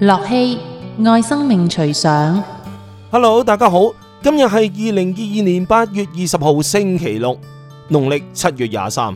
樂器愛生命隨想，Hello，大家好，今日係二零二二年八月二十號星期六，農曆七月廿三。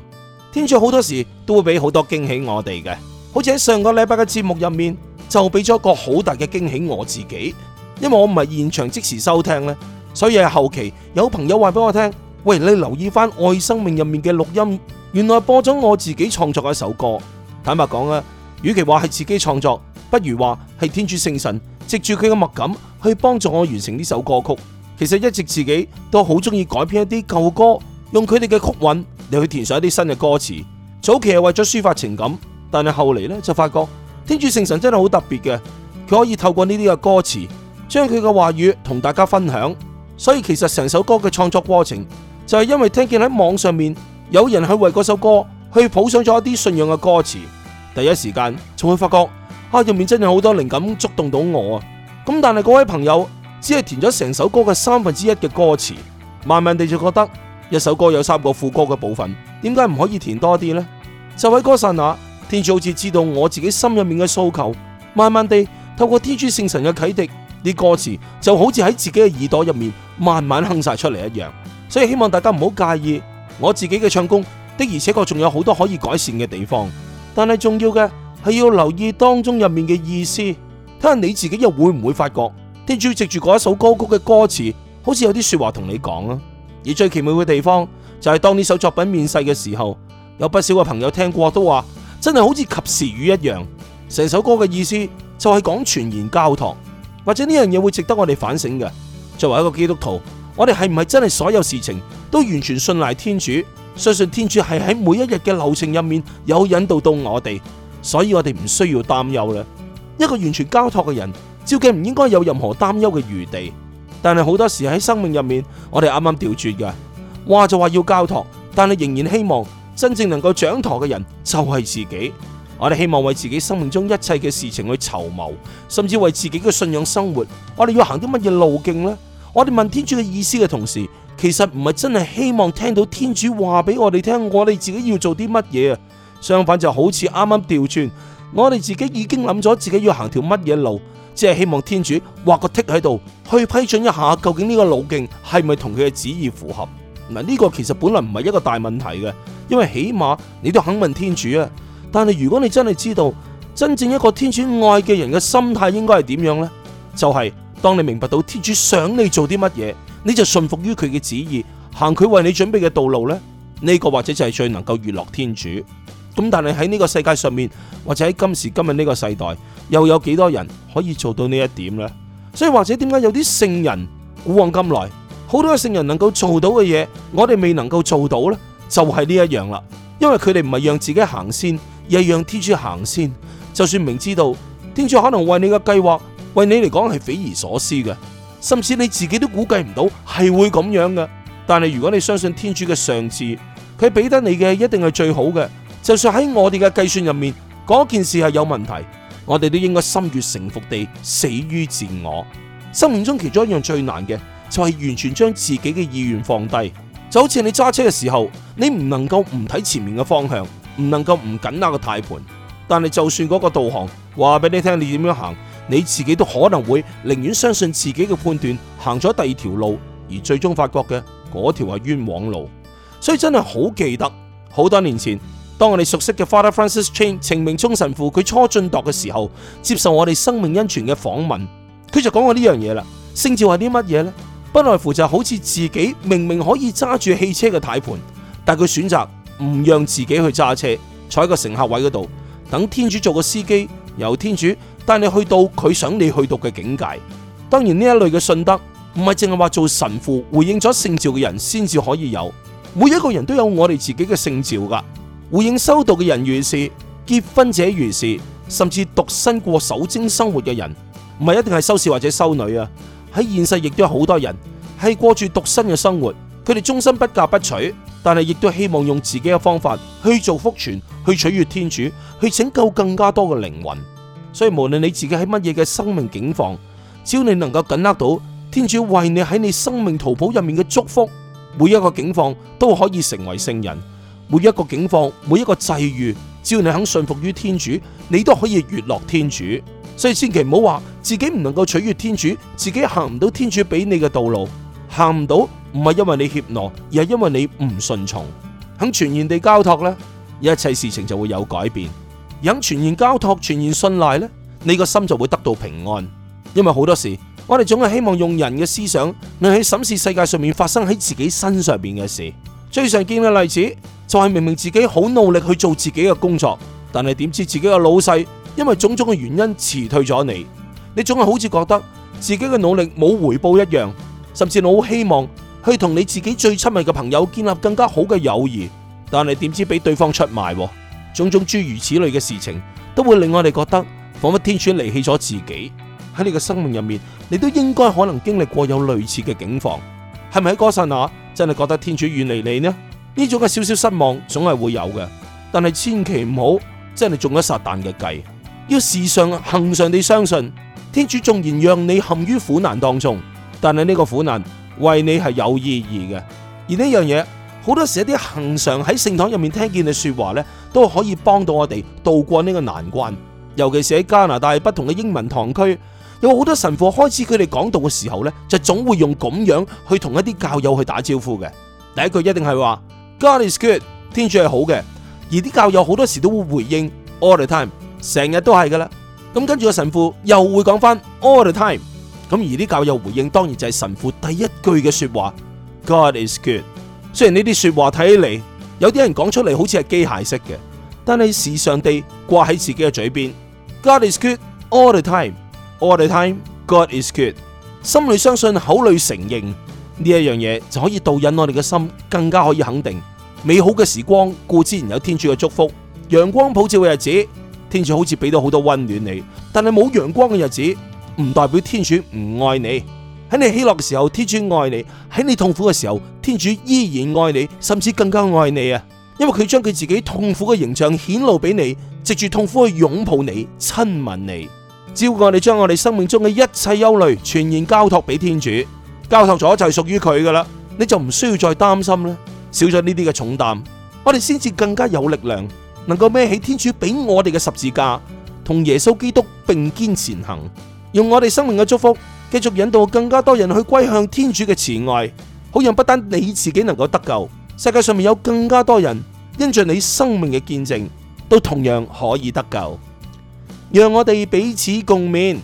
天主好多時都會俾好多驚喜我哋嘅，好似喺上個禮拜嘅節目入面就俾咗一個好大嘅驚喜我自己，因為我唔係現場即時收聽呢。所以係後期有朋友話俾我聽，喂，你留意翻愛生命入面嘅錄音，原來播咗我自己創作嘅一首歌。坦白講啊，與其話係自己創作。不如話係天主聖神藉住佢嘅默感去幫助我完成呢首歌曲。其實一直自己都好中意改編一啲舊歌，用佢哋嘅曲韻嚟去填上一啲新嘅歌詞。早期係為咗抒發情感，但係後嚟呢，就發覺天主聖神真係好特別嘅，佢可以透過呢啲嘅歌詞將佢嘅話語同大家分享。所以其實成首歌嘅創作過程就係因為聽見喺網上面有人去為嗰首歌去補上咗一啲信仰嘅歌詞，第一時間就會發覺。啊！入面真係好多靈感觸動到我啊！咁、嗯、但係嗰位朋友只係填咗成首歌嘅三分之一嘅歌詞，慢慢地就覺得一首歌有三個副歌嘅部分，點解唔可以填多啲呢？就喺嗰剎那，天主好似知道我自己心入面嘅訴求，慢慢地透過天主聖神嘅啟迪，啲歌詞就好似喺自己嘅耳朵入面慢慢哼晒出嚟一樣。所以希望大家唔好介意我自己嘅唱功，的而且確仲有好多可以改善嘅地方，但係重要嘅。係要留意當中入面嘅意思，睇下你自己又會唔會發覺天主藉住嗰一首歌曲嘅歌詞，好似有啲說話同你講啊。而最奇妙嘅地方就係當呢首作品面世嘅時候，有不少嘅朋友聽過都話，真係好似及時雨一樣。成首歌嘅意思就係講全然教堂，或者呢樣嘢會值得我哋反省嘅。作為一個基督徒，我哋係唔係真係所有事情都完全信賴天主，相信天主係喺每一日嘅流程入面有引導到我哋？所以我哋唔需要擔憂啦。一個完全交託嘅人，究竟唔應該有任何擔憂嘅餘地。但係好多時喺生命入面，我哋啱啱調轉噶，話就話要交託，但係仍然希望真正能夠掌舵嘅人就係自己。我哋希望為自己生命中一切嘅事情去籌謀，甚至為自己嘅信仰生活，我哋要行啲乜嘢路徑呢？我哋問天主嘅意思嘅同時，其實唔係真係希望聽到天主話俾我哋聽，我哋自己要做啲乜嘢啊？相反就好似啱啱調轉，我哋自己已經諗咗自己要行條乜嘢路，只係希望天主畫個剔喺度去批准一下，究竟呢個路徑係咪同佢嘅旨意符合嗱？呢、呢個其實本來唔係一個大問題嘅，因為起碼你都肯問天主啊。但係如果你真係知道真正一個天主愛嘅人嘅心態應該係點樣呢？就係、是、當你明白到天主想你做啲乜嘢，你就順服於佢嘅旨意，行佢為你準備嘅道路呢，呢、呢個或者就係最能夠悅樂天主。咁但係喺呢個世界上面，或者喺今時今日呢個世代，又有幾多人可以做到呢一點呢？所以或者點解有啲聖人，古往今來，好多聖人能夠做到嘅嘢，我哋未能夠做到呢，就係呢一樣啦。因為佢哋唔係讓自己行先，而係讓天主行先。就算明知道天主可能為你嘅計劃，為你嚟講係匪夷所思嘅，甚至你自己都估計唔到係會咁樣嘅。但係如果你相信天主嘅上智，佢俾得你嘅一定係最好嘅。就算喺我哋嘅計算入面，嗰件事係有問題，我哋都應該心悅誠服地死於自我。生命中其中一樣最難嘅，就係、是、完全將自己嘅意願放低，就好似你揸車嘅時候，你唔能夠唔睇前面嘅方向，唔能夠唔緊握個軚盤。但係就算嗰個導航話俾你聽你點樣行，你自己都可能會寧願相信自己嘅判斷，行咗第二條路，而最終發覺嘅嗰條係冤枉路。所以真係好記得好多年前。當我哋熟悉嘅 Father Francis Chan 程明聰神父，佢初進鐸嘅時候，接受我哋生命恩泉嘅訪問，佢就講過呢樣嘢啦。聖召係啲乜嘢呢？不外乎就好似自己明明可以揸住汽車嘅軚盤，但佢選擇唔讓自己去揸車，坐喺個乘客位嗰度，等天主做個司機，由天主帶你去到佢想你去到嘅境界。當然呢一類嘅信德唔係淨係話做神父回應咗聖召嘅人先至可以有，每一個人都有我哋自己嘅聖召噶。回應修道嘅人如是，結婚者如是，甚至獨身過守貞生活嘅人，唔係一定係修士或者修女啊。喺現實亦都有好多人係過住獨身嘅生活，佢哋終身不嫁不娶，但係亦都希望用自己嘅方法去做福傳，去取悦天主，去拯救更加多嘅靈魂。所以無論你自己喺乜嘢嘅生命境況，只要你能夠緊握到天主為你喺你生命圖譜入面嘅祝福，每一個境況都可以成為聖人。每一個境況，每一個際遇，只要你肯信服於天主，你都可以越落天主。所以千祈唔好話自己唔能夠取悅天主，自己行唔到天主俾你嘅道路，行唔到唔係因為你怯懦，而係因為你唔順從，肯全然地交託呢，一切事情就會有改變。而肯全然交託、全然信賴呢，你個心就會得到平安。因為好多時，我哋總係希望用人嘅思想嚟，去審視世界上面發生喺自己身上邊嘅事。最常見嘅例子。就係明明自己好努力去做自己嘅工作，但係點知自己嘅老細因為種種嘅原因辭退咗你，你總係好似覺得自己嘅努力冇回報一樣，甚至我好希望去同你自己最親密嘅朋友建立更加好嘅友誼，但係點知俾對方出賣，種種諸如此類嘅事情都會令我哋覺得仿佛天主離棄咗自己。喺你嘅生命入面，你都應該可能經歷過有類似嘅境況，係咪喺嗰剎那真係覺得天主遠離你呢？呢種嘅少少失望總係會有嘅，但係千祈唔好真係中咗撒旦嘅計，要時常恒常地相信，天主縱然讓你陷於苦難當中，但係呢個苦難為你係有意義嘅。而呢樣嘢好多時一啲恒常喺聖堂入面聽見嘅說話呢，都可以幫到我哋度過呢個難關。尤其是喺加拿大不同嘅英文堂區，有好多神父開始佢哋講道嘅時候呢，就總會用咁樣去同一啲教友去打招呼嘅。第一句一定係話。God is good，天主係好嘅，而啲教友好多時都會回應 all the time，成日都係噶啦。咁跟住個神父又會講翻 all the time，咁而啲教友回應當然就係神父第一句嘅說話，God is good。雖然呢啲說話睇起嚟有啲人講出嚟好似係機械式嘅，但係時常地掛喺自己嘅嘴邊，God is good all the time，all the time God is good。心裏相信，口裏承認呢一樣嘢就可以導引我哋嘅心，更加可以肯定。美好嘅時光固之然有天主嘅祝福，陽光普照嘅日子，天主好似俾到好多溫暖你。但係冇陽光嘅日子，唔代表天主唔愛你。喺你喜樂嘅時候，天主愛你；喺你痛苦嘅時候，天主依然愛你，甚至更加愛你啊！因為佢將佢自己痛苦嘅形象顯露俾你，藉住痛苦去擁抱你、親吻你。只要我哋將我哋生命中嘅一切憂慮全然交託俾天主，交託咗就係屬於佢噶啦，你就唔需要再擔心啦。少咗呢啲嘅重擔，我哋先至更加有力量，能夠孭起天主俾我哋嘅十字架，同耶穌基督並肩前行。用我哋生命嘅祝福，繼續引導更加多人去歸向天主嘅慈愛。好讓不單你自己能夠得救，世界上面有更加多人因着你生命嘅見證，都同樣可以得救。讓我哋彼此共勉。